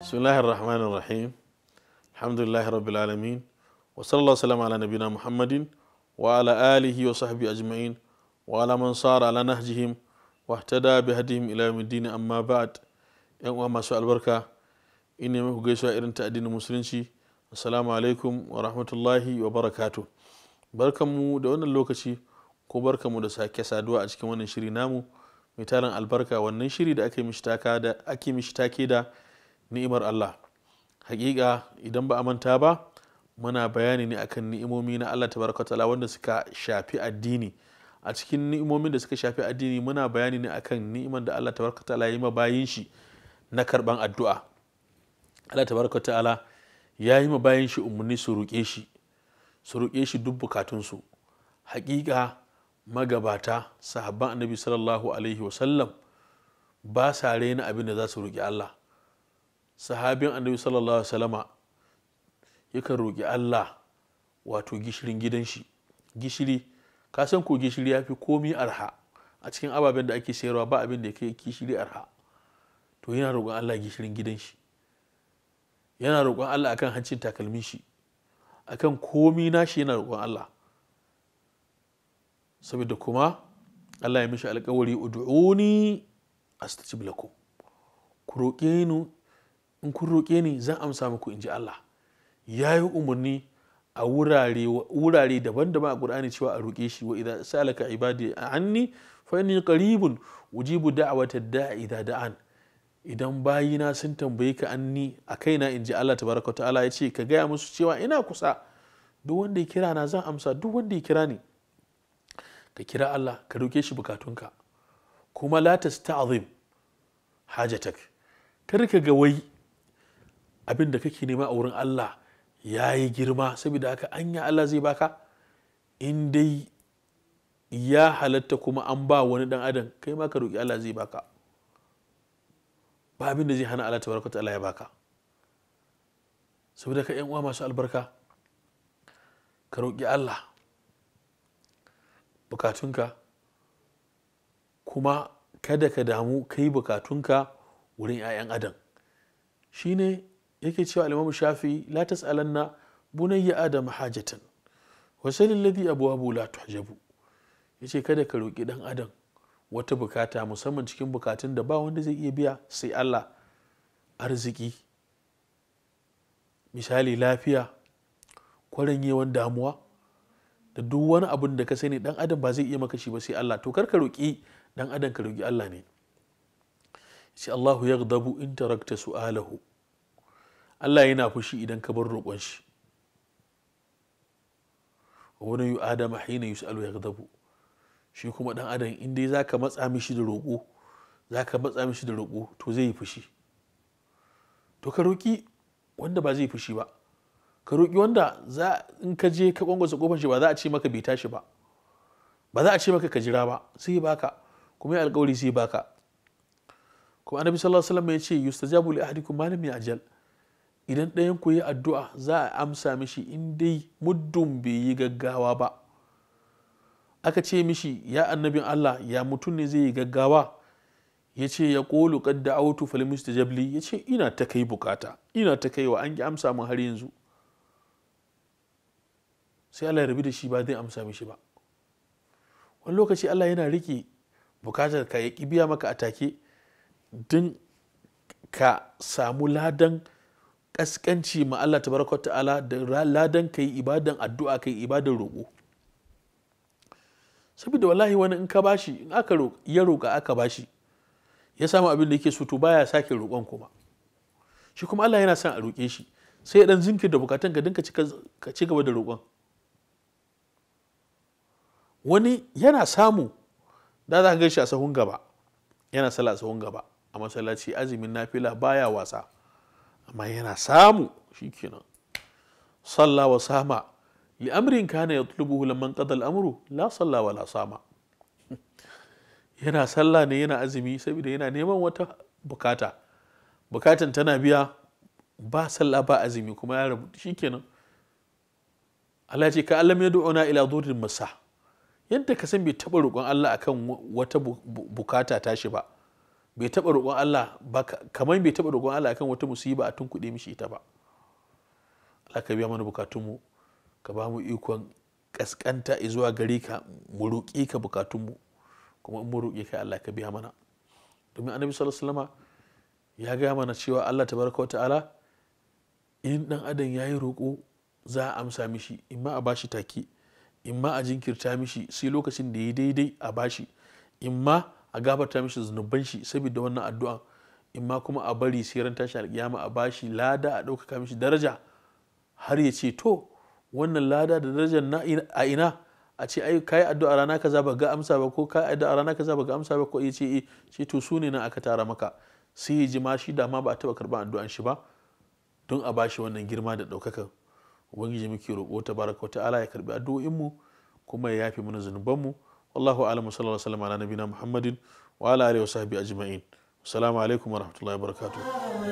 بسم الله الرحمن الرحيم الحمد لله رب العالمين وصلى الله وسلم على نبينا محمد وعلى آله وصحبه أجمعين وعلى من صار على نهجهم واهتدى بهديهم إلى يوم الدين أما بعد يوم ما سؤال بركة إني مكو جيسوا إرن تأدين المسلمين السلام عليكم ورحمة الله وبركاته بركة مو دون اللوكشي ko barka mu da sake saduwa a cikin wannan shiri namu mai tarin albarka wannan shiri da ake mishi take da ni'imar Allah hakika idan ba a manta ba muna bayani ne akan ni'imomi na Allah tabaraka wanda suka shafi addini a cikin ni'imomin da suka shafi addini muna bayani ne akan ni'imar da Allah tabaraka ya yi ma bayin shi na karban addu'a Allah tabaraka ya yi ma bayan shi umarni su roƙe shi su roƙe shi duk bukatunsu haƙiƙa magabata sahabban annabi sallallahu alaihi sallam ba sa raina abin da za su roƙi Allah sahabin annabi sallallahu alaihi wasallama yakan roƙi Allah wato gishirin gidan shi gishiri ka san ko gishiri ya fi komi arha a cikin ababen da ake sayarwa ba abin da ya kai gishiri arha to yana roƙon Allah gishirin gidan shi yana roƙon Allah akan hancin takalmin shi akan komi nashi yana roƙon Allah saboda kuma Allah ya mishi alƙawari ud'uni astajib lakum ku roƙe ni in kun roƙe ni zan amsa muku in ji Allah ya yi umarni a wurare daban-daban a Ƙur'ani cewa a roƙe shi wa idan salaka ibadi anni fa inni qaribun ujibu da'wata da'a idza da'an idan bayina sun tambaye ka anni a kaina in ji Allah tabaraka ta'ala ya ce ka gaya musu cewa ina kusa duk wanda ya kira na zan amsa duk wanda ya kira ni ka kira Allah ka roƙe shi bukatunka kuma la tasta'zim hajatak kar ka ga wai abin da kake nema a wurin Allah ya yi girma saboda haka anya Allah zai baka in dai ya halatta kuma an ba wani dan adam kai ma ka roƙi Allah zai baka ba abin da zai hana Allah ta ta Allah ya baka saboda ka yan uwa masu albarka ka roƙi Allah bukatunka kuma kada ka damu kai bukatunka wurin 'ya'yan adam shine yake cewa al Shafi la tas'alanna bunayya Adam hajatan wa sal alladhi abwabu la tuhjabu yace kada ka roki dan Adam wata bukata musamman cikin bukatun da ba wanda zai iya biya sai Allah arziki misali lafiya yawan damuwa da duk wani abun da ka sani dan adam ba zai iya maka shi ba sai Allah to kar ka roki dan adam ka roki Allah ne sai Allahu yaghdabu in tarakta su'alahu Allah yana fushi idan ka bar roƙon shi wani yi adama hina ga yaghdabu shi kuma ɗan adam in dai ka matsa mishi da roƙo za ka matsa mishi da roƙo to zai yi fushi to ka roƙi wanda ba zai yi fushi ba ka roƙi wanda za in ka je ka kwangwasa kofar shi ba za a ce maka bai tashi ba ba za a ce maka ka jira ba sai baka kuma ya alƙawari sai baka kuma annabi sallallahu alaihi wasallam ya ce yustajabu li ahadikum ma lam ya'jal idan ɗayan ku yi addu'a za a amsa mishi in dai muddin bai yi gaggawa ba aka ce mishi ya annabin Allah ya mutum ne zai yi gaggawa ya ce ya ƙolu ƙadda autu falimus da jabli ya ce ina ta kai bukata ina ta kai wa an ƙi amsa min har yanzu sai Allah ya rabi da shi ba zai amsa mishi ba wani lokaci Allah yana rike bukatar ka ya biya maka a take don ka samu ladan kaskanci ma Allah tabaraka ta'ala da ladan yi ibadan addu'a ka yi ibadan roƙo saboda wallahi wani in ka bashi in aka ya roƙa aka bashi ya samu abin da yake so to baya sake roƙon kuma shi kuma Allah yana son a roƙe shi sai dan zinkir da bukatan ka dinka ka ci gaba da roƙon wani yana samu da za ka gaishe a sahun gaba yana sallah a sahun gaba a masallaci azumin nafila baya wasa amma yana samu shikenan salla wa sama amrin kana yatlubuhu lamman qada al-amru la salla wa la sama yana sallah ne yana azumi saboda yana neman wata bukata bukatan tana biya ba sallah ba azumi kuma ya rabu shikenan Allah ce ka alam ya du'una ila durrin masa yadda ka san bai taɓa roƙon Allah akan wata bukata tashi ba bai taɓa roƙon Allah ba kamar bai taɓa roƙon Allah akan wata musiba a tunkuɗe mishi ita ba Allah ka biya mana bukatunmu ka ba mu ikon ƙasƙanta zuwa gare ka mu roƙe ka bukatunmu kuma in mu roƙe ka Allah ka biya mana domin annabi sallallahu alaihi ya gaya mana cewa Allah tabaraka ta'ala in dan adam yayi roƙo za a amsa mishi in ma a bashi take in ma a jinkirta mishi sai lokacin da ya daidai a bashi in ma a gafarta mishi zunuban shi saboda wannan addu'a in ma kuma a bari sai ran tashi alkiyama a bashi lada a ɗaukaka mishi daraja har ya ce to wannan lada da darajar na a ina a ce ai kai addu'a rana kaza ba ga amsa ba ko kai addu'a rana kaza ba ga amsa ba ko ya ce eh ce to su ne nan aka tara maka sai ya ji ma shi da ma ba a taɓa karɓar addu'an shi ba don a bashi wannan girma da ɗaukaka ubangiji muke roƙo baraka wata ala ya karɓi addu'o'inmu kuma ya yafe mana zunubanmu mu wallahu a'lam sallallahu alaihi wasallam ala nabina muhammadin wa ala alihi wa sahbihi ajma'in assalamu alaikum wa rahmatullahi wa